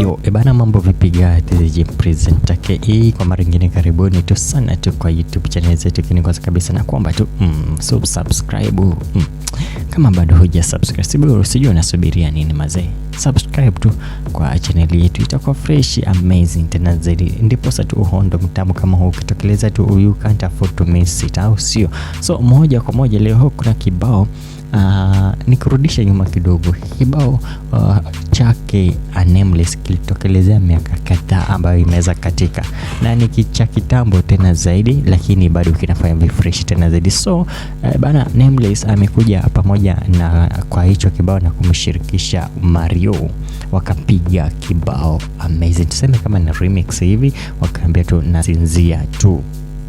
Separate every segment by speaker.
Speaker 1: Yo, ebana eh, mambo vipi guys, this presenter KE kwa mara nyingine karibuni tu sana tu kwa YouTube channel zetu, kini kwanza kabisa na kuomba tu mm, so subscribe mm. Kama bado huja subscribe, siburu unasubiria nini mazee, subscribe tu kwa channel yetu, itakuwa fresh amazing tena zaidi, ndipo sasa tu uhondo mtamu kama huu ukitokeleza tu, you can't afford to miss it, au sio? So moja kwa moja leo kuna kibao uh, ah, nikurudisha nyuma kidogo, kibao uh, chake A Nameless kilitokelezea miaka kadhaa ambayo imeweza katika, na ni kitambo tena zaidi, lakini bado kinafanya refresh tena zaidi. So uh, bana Nameless amekuja pamoja na kwa hicho kibao na kumshirikisha Mario, wakapiga kibao amazing, tuseme kama ni remix hivi, wakaambia tu nasinzia tu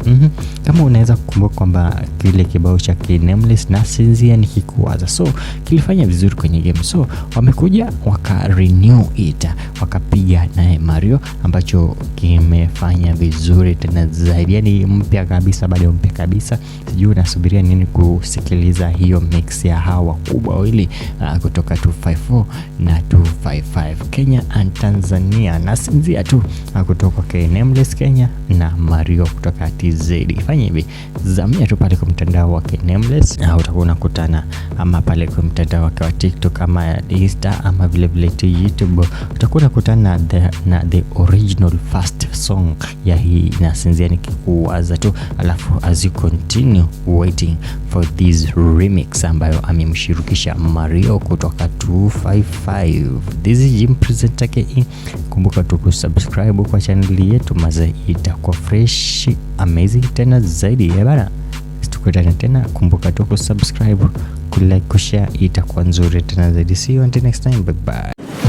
Speaker 1: Mm -hmm. Kama unaweza kukumbuka kwamba kile kibao cha Nameless na Sinzia nikikuwaza, so kilifanya vizuri kwenye game, so wamekuja waka renew it wakapiga naye Mario ambacho kimefanya vizuri tena zaidi, yani mpya kabisa, bado mpya kabisa. Sijui nasubiria nini kusikiliza hiyo mix ya hawa wakubwa wawili uh, kutoka 254 na 255 Kenya and Tanzania, nasinzia tu uh, kutoka kwa Nameless Kenya na Mario kutoka TZ. Fanya hivi, zamia tu pale kwa mtandao wake Nameless, uh, utakuwa unakutana ama pale kwa mtandao wake wa TikTok ama Insta ama vilevile YouTube utakuwa kutana na, na the original first song ya hii inasinzia nikikuwaza tu, alafu as you continue waiting for this remix ambayo amemshirikisha Mario kutoka 255. This is Jim Presenter KE. Kumbuka tu kusubscribe kwa chaneli yetu ita itakuwa fresh amazing tena zaidi ya eh, bana. Tukutane tena, kumbuka tu kusubscribe, kulike, kushare, itakuwa nzuri tena zaidi. See you until next time, bye bye.